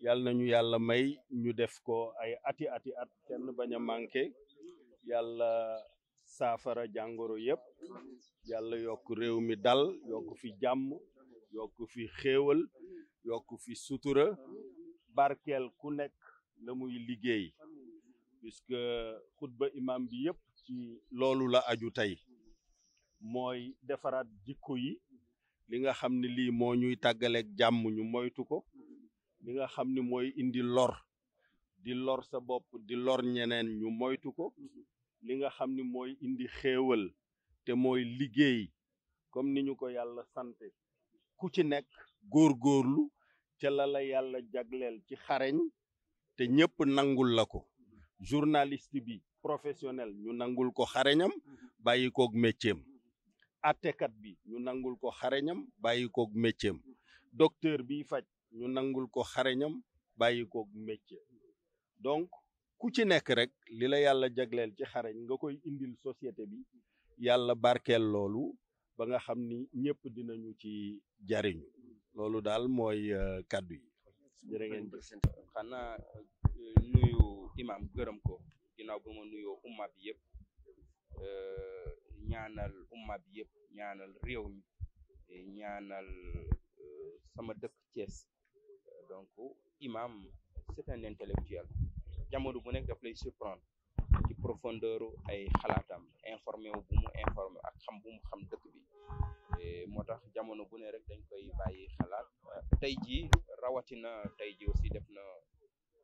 yàlla nañu yàlla may ñu def ko ay ati ati at kenn bañ a manqué yàlla saafara jàngoro yëpp yàlla yokk réew mi dal yokk fi jàmm yokk fi xéewal yokk fi sutura barkeel ku nekk la muy liggéey puisque xutba imam bi yëpp ci loolu la aju tey mooy defaraat jikko yi li nga xam ne lii moo ñuy tàggaleeg jàmm ñu moytu ko li nga xam ni mooy indi lor di lor sa bopp di lor ñeneen ñu moytu ko mhm. li nga xam ni mooy indi xéewal te mooy liggéey comme ni ñu ko yàlla sante ku ci nekk góor góorgóorlu ca lala yàlla jagleel ci xareñ te ñëpp nangul la ko journaliste bi professionnel ñu nangul ko xareñam mhm. bàyyi koog métier am bi ñu nangul ko xareñam bàyyi koog métier am mhm. docteur faj ñu nangul ko xarañam bàyyi ko métier donc ku ci nekk rek li la yàlla jagleel ci xareñ nga koy indil société bi yàlla barkeel loolu ba nga xam ni ñëpp dinañu ci jariñu loolu daal mooy euh, kàddu yi jërë ngeen xanaa euh, nuyu imam gërëm ko ginnaaw ba ma nuyoo umma bi yëpp euh, ñaanal umma bi yëpp ñaanal réew mi ñaanal sama dëkk Thiès donc imam c'est un intellectuel jamono bu nekk daf lay surprendre ci profondeur ay xalaatam informé wu informé ak xam bu mu xam dëkk bi e, moo tax jamono bu ne rek dañ koy bàyyi xalaat tey jii rawatina tey ji aussi def na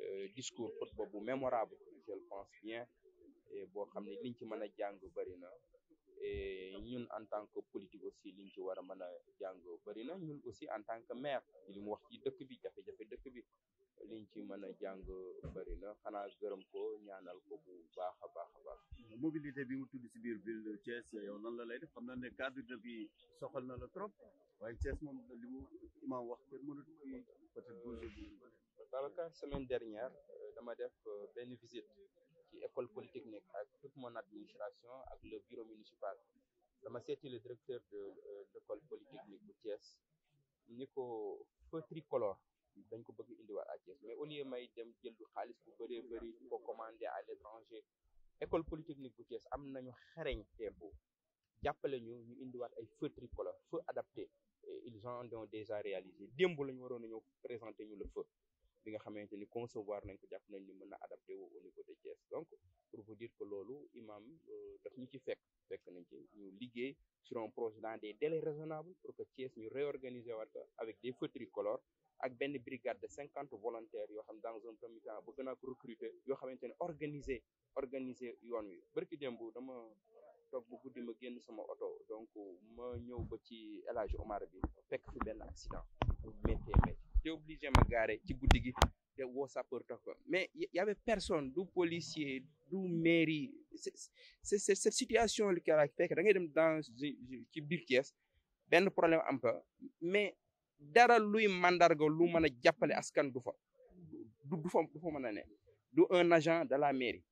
e, discours xutba bu mémorable je le pense bien e, boo xam ne liñ ci mën a jàng bëri na et ñun en tant que politique aussi liñ ci war a mën a jàng bëri na ñun aussi en tant que maire li mu wax ci dëkk bi jafe-jafe dëkk bi liñ ci mën a jàng bëri na xanaa gërëm ko ñaanal ko bu baax a baax a baax. mobilité bi mu tudd si biir ville Thiès yow nan la lay def xam na ne cadre de vie soxal na la trop waaye Thiès moom li mu imaam wax kenn mënut peut-être bouger. Babacar semaine dernière euh, dama def euh, benn visite. ci école polytechnique ak toute mon administration ak le bureau municipal dama seeti le directeur euh, de l'école polytechnique bu Thiès ni ko feu tricolore dañ ko bëgg indiwaat à Thiès mais au lieu may dem jël xaalis bu bëree bëri ko commandé à l'étranger école polytechnique bu Thiès am nañu xereñ tempo jàppale ñu ñu indiwaat ay feu tricolore feu adapté ils ont donc déjà réalisé démb la ñu waroon a ñëw présenter ñu le feu bi nga xamante ni concevoir nañ ko jàpp nañ ni mën na adapté wu au niveau de Thiès donc pour vous dire que loolu imam euh, daf ñu ci fekk fekk nañ ci ñu liggéey sur un projet dans des délais pour que Thiès ñu réorganisé waat ko avec des feux tricolores ak benn brigade de cinquante volontaires yoo xam dans un premier temps bëgg naa ko recruter yoo xamante ne organiser organiser yoon wi barki démb dama toog bu guddi ma génn sama oto donc ma ñëw ba ci El Hadj Omar bi fekk fi benn accident j'étais obligé ma garer ci guddi gi te woo sapeur tax mais y personne du policier du mairie c'est c'est cette situation li kala fekk dangay dem dans ci biir Thiès benn problème am fa mais dara luy mandarga lu mën a jàppale askan du fa du du fa du fa mën a ne du un agent de la mairie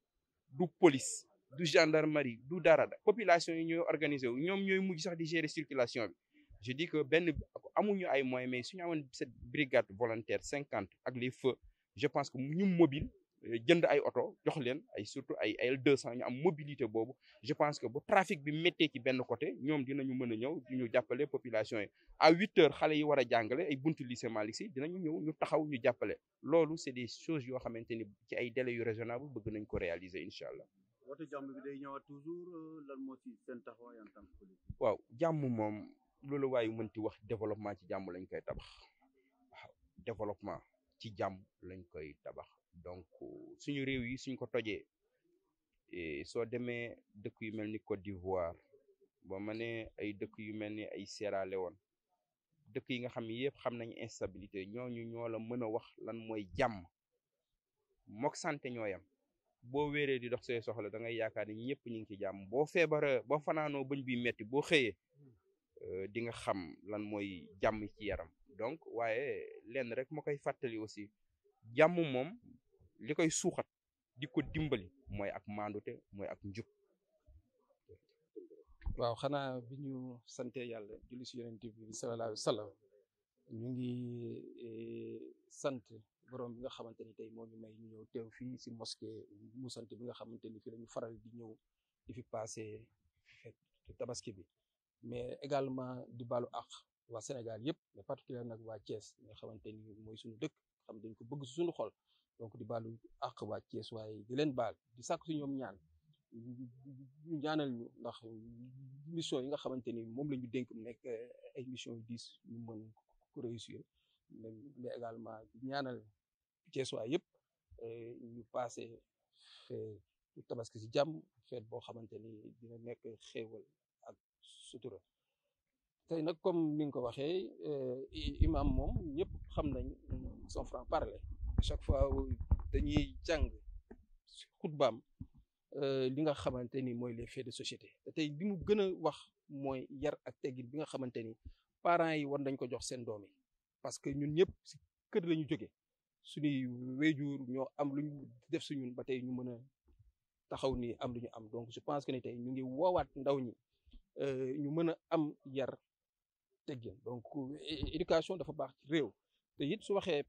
du police du gendarmerie du dara da population yi ñooy organiser wu ñoom ñooy mujj sax di gérer circulation bi je dis que benn amuñu ay moyens mais suñu amoon cette brigade volontaire cinquante ak les feux je pense que ñu mobile euh, jënd ay oto jox leen ay surtout ay ay deux cent ñu am mobilité boobu je pense que bu trafic bi méttee ci benn côté ñoom dinañu mën a ñëw ñu jàppale population yi à huit heures xale yi war a jàngale ay buntu lycée Malick Sy dinañu ñëw ñu taxaw ñu jàppale loolu c'est des choses yoo xamante ni ci ay délais yu raisonnable bëgg nañ ko réaliser incha allah woote jàmm bi toujours euh, lan moo ci seen waaw jàmm loolu waaye mënti wax développement ci jàmm lañ koy tabax waaw développement ci jàmm lañ koy tabax donc suñu réew yi suñ ko tojee eh, soo demee dëkk yu mel ni Côte d'Ivoire ba ma ne ay dëkk yu mel ni ay Sierra woon dëkk yi nga xam ne yëpp xam nañu instabilité ñooñu ñoo la mën a wax lan mooy jàmm mook santé ñooyam boo wéeree di dox say soxla da ngay yaakaar ni ñëpp ñu ngi ci jàmm boo feebara boo fanaanoo bëñ bi metti boo xëyee Euh, dinga xam lan mooy jàmm ci yaram donc waaye lenn rek moo koy fàttali aussi jàmm moom li koy suuxat di ko dimbali mooy ak maandute mooy ak njub waaw xanaa bi ñu sante yàlla julli si yonent bi sallallahu alayhi wa sallam ñu ngi e, sant borom bi nga xamante ni tey moo ñu may ñu ñëw teew fi si mosquée mu sant bi nga xamante ni fii faral di ñëw di fi passé tabaski bi mais également di balu ak waa Sénégal yëpp mais particulièrement nag waa Thiès nga xamante ni mooy suñu dëkk xam dañ ko bëgg suñu xol donc di balu ak waa Thiès waaye di leen baal di sàkk si ñoom ñaan ñu ñaanal ñu ndax mission yi nga xamante ni moom lañu ñu dénk nekk ay mission yu diis ñu mën ko réussir mais également ñaanal Thiès waa yëpp eh, ñu passé tabaski si jàmm feet boo xamante ni dina nekk xéewal sutura tey nag comme ni nga ko waxee eh, imam moom ñëpp xam nañ son franc parler chaque fois dañuy jàng xutbaam euh, li nga xamante ni mooy les faits de société te tey bi mu gën a wax mooy yar ak teggin bi nga xamante ni parents yi war nañ ko jox seen doom yi parce que ñun ñëpp si kër lañu jóge suñuy wéjur ñoo am lu def si ñun ba tey ñu mën a taxaw ni am lu ñu am donc je pense que ni tey ñu ngi woowaat ndaw ñi Euh, ñu mën a am yar teggin donc éducation dafa baax ci réew te it su waxee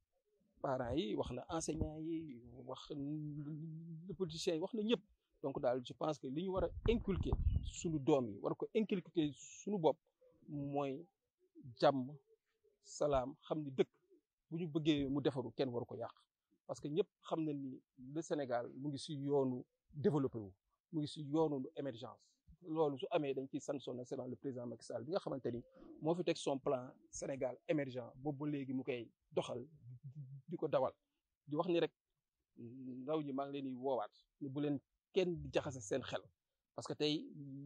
parent yi wax na enseignants yi wax politiciens yi wax na ñëpp donc daal je pense que li ñu war a inculquer suñu doom yi war ko inculquer suñu bopp mooy jàmm salaam xam ni dëkk bu ñu bëggee mu defaru kenn waru ko yàq parce que ñëpp xam na ni le Sénégal mu ngi si yoonu développé wu mu ngi si yoonu émergence loolu su amee dañ ciy sant son excellence le président Macky Sall bi nga xamante ni moo fi teg son plan Sénégal émergent boobu ba léegi mu koy doxal di ko dawal di wax ni rek ndaw ñi maa ngi leen di woowaat ni bu leen kenn di jaxase seen xel parce que tey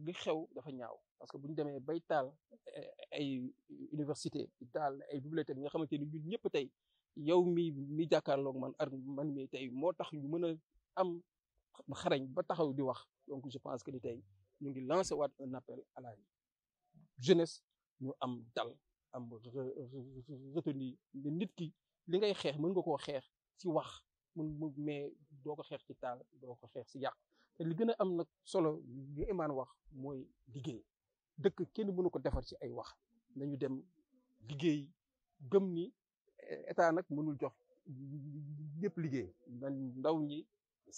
li xew dafa ñaaw parce que bu ñu demee bay taal ay université taal ay bibliothèque yi nga xamante ni ñun ñëpp tey yow mi mi jàkkaarloog man ar man mi tey moo tax ñu mën a am xarañ ba taxaw di wax donc je pense que ni tey ñu ngi lancé waat un appel à la jeunesse ñu am dal am retenue nit ki li ngay xeex mën nga koo xeex ci wax mun mu mais doo ko xeex ci taal doo ko xeex ci yàq te li gën a am nag solo li Imane wax mooy liggéey dëkk kenn mënu ko defar ci ay wax nañu dem liggéey gëm ni état nag mënul jox ñëpp liggéey ndaw ñi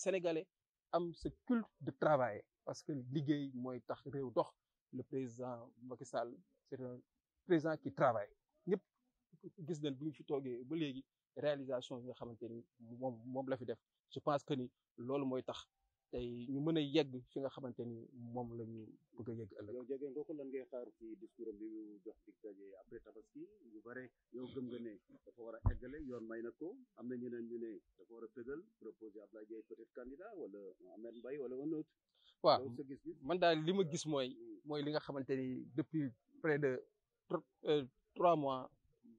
sénégalais am sa culte de travail parce que liggéey mooy tax réew dox le président Macky Sall c'est un président qui travaille ñëpp gis nañ bi fi toogee ba léegi réalisation yi nga xamante ni moom moom la fi def je pense que ni loolu mooy tax tey ñu mën a yegg fi nga xamante ni moom la ñu bëgg a yegg ëllëg. yow jege nga ko lan ngay xaar ci discours am bi mu jox dig daje après tabaski yu bare yow gëm nga dafa war a eggale yoon may na ko am na ñeneen ñu ne dafa war a tëgal proposer Abdoulaye Diaye peut-être candidat wala Ahmed Mbaye wala un autre. waaw man daal li ma euh, gis mooy hmm. mooy li nga xamante ni depuis près de euh, trois mois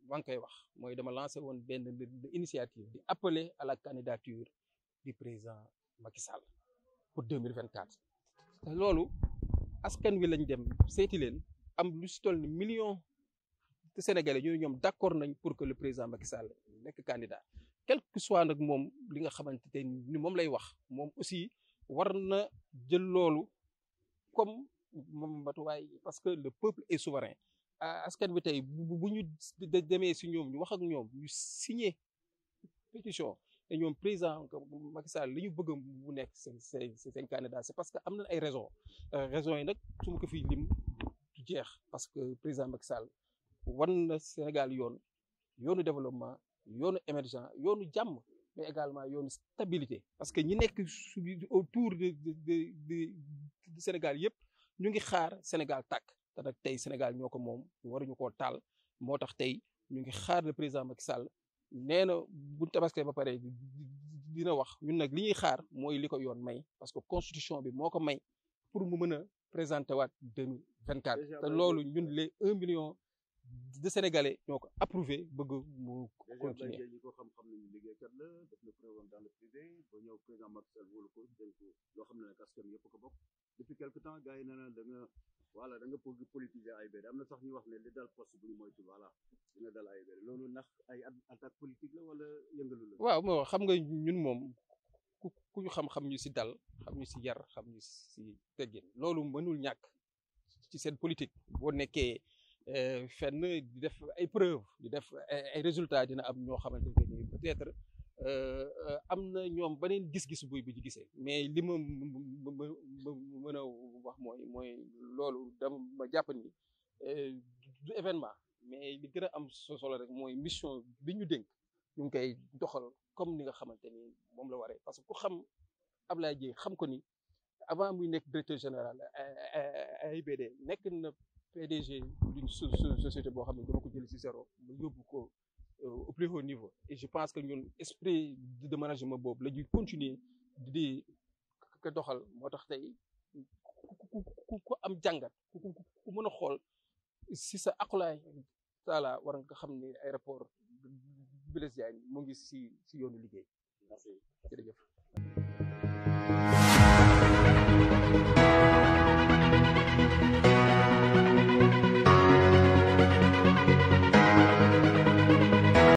maa ngi koy wax mooy dama lancé woon benn mbir de initiative di appeler à la candidature du président Macky Sall pour deux vingt quatre te loolu askan wi lañ dem seeti leen am lu si toll ni million te sénégalais ñu ñoom d' accord nañ pour que le président Macky Sall nekk candidat quel que soit nag moom li nga xamante ni moom lay wax moom aussi war na jël loolu comme moom matuwaay parce que le peuple est souverain askan bi tey bu ñu demee si ñoom ñu wax ak ñoom ñu signé pétition te ñoom président Macky Sall li ñu bëgg mu nekk seen seen seen candidat c'est parce que am na ay raison euh, raison yi nag su ma ko lim jeex parce que président Macky Sall wan na Sénégal yoon yoonu développement yoonu émergent yoonu jàmm mais également yoonu stabilité parce que ñi nekk autour de de de Sénégal yëpp ñu ngi xaar Sénégal tàkk te nag tey Sénégal ñoo ko moom waruñu koo taal moo tax tey ñu ngi xaar le président Macky Sall nee na bu tabaskee ba pare dina wax ñun nag li ñuy xaar mooy li ko yoon may parce que constitution bi moo ko may pour mu mën a présenté waat 2024 te loolu ñun les un million de sénégalais ñoo ko approuvé bëgg mu continuer ñi ko xam-xam na pré woon dans le privé ba ñëw xam ne yëpp ko bokk depuis quelque temps da da nga pour politiser am na sax ñu wax ne li dal poste bu ñu moytu voilà dina dal AIBD loolu ndax ay attaque politique la la waaw moo xam nga ñun moom ku ñu xam-xam ñu si dal xam ñu si yar xam ñu si teggin loolu mënul ñàkk ci seen politique boo nekkee Eh, fenn di def ay preuve di def ay résultats dina am ñoo xamante ne ni peut-être eh, am na ñoom beneen gis-gis buy bi ñu gisee mais li ma mën a wax mooy mooy loolu dama jàpp ni eh, du événement mais li gën a am solo rek mooy mission bi ñu dénk ñu ngi koy doxal comme ni nga xamante ni moom la waree parce que ku xam Ablaye Dièye xam ko ni avant muy nekk directeur général AIBD nekk na PDG d'une société boo xam ne dama ko jël si zéro ma yóbbu ko euh, au plus haut niveau et je pense que ñun esprit de management boobu la ñuy continuer di ko doxal moo tax tey ku ku am jàngat ku ku mën a xool si sa akulaay taala war nga xam ne aéroport Blaise Diagne moo ngi si si yoonu liggéey merci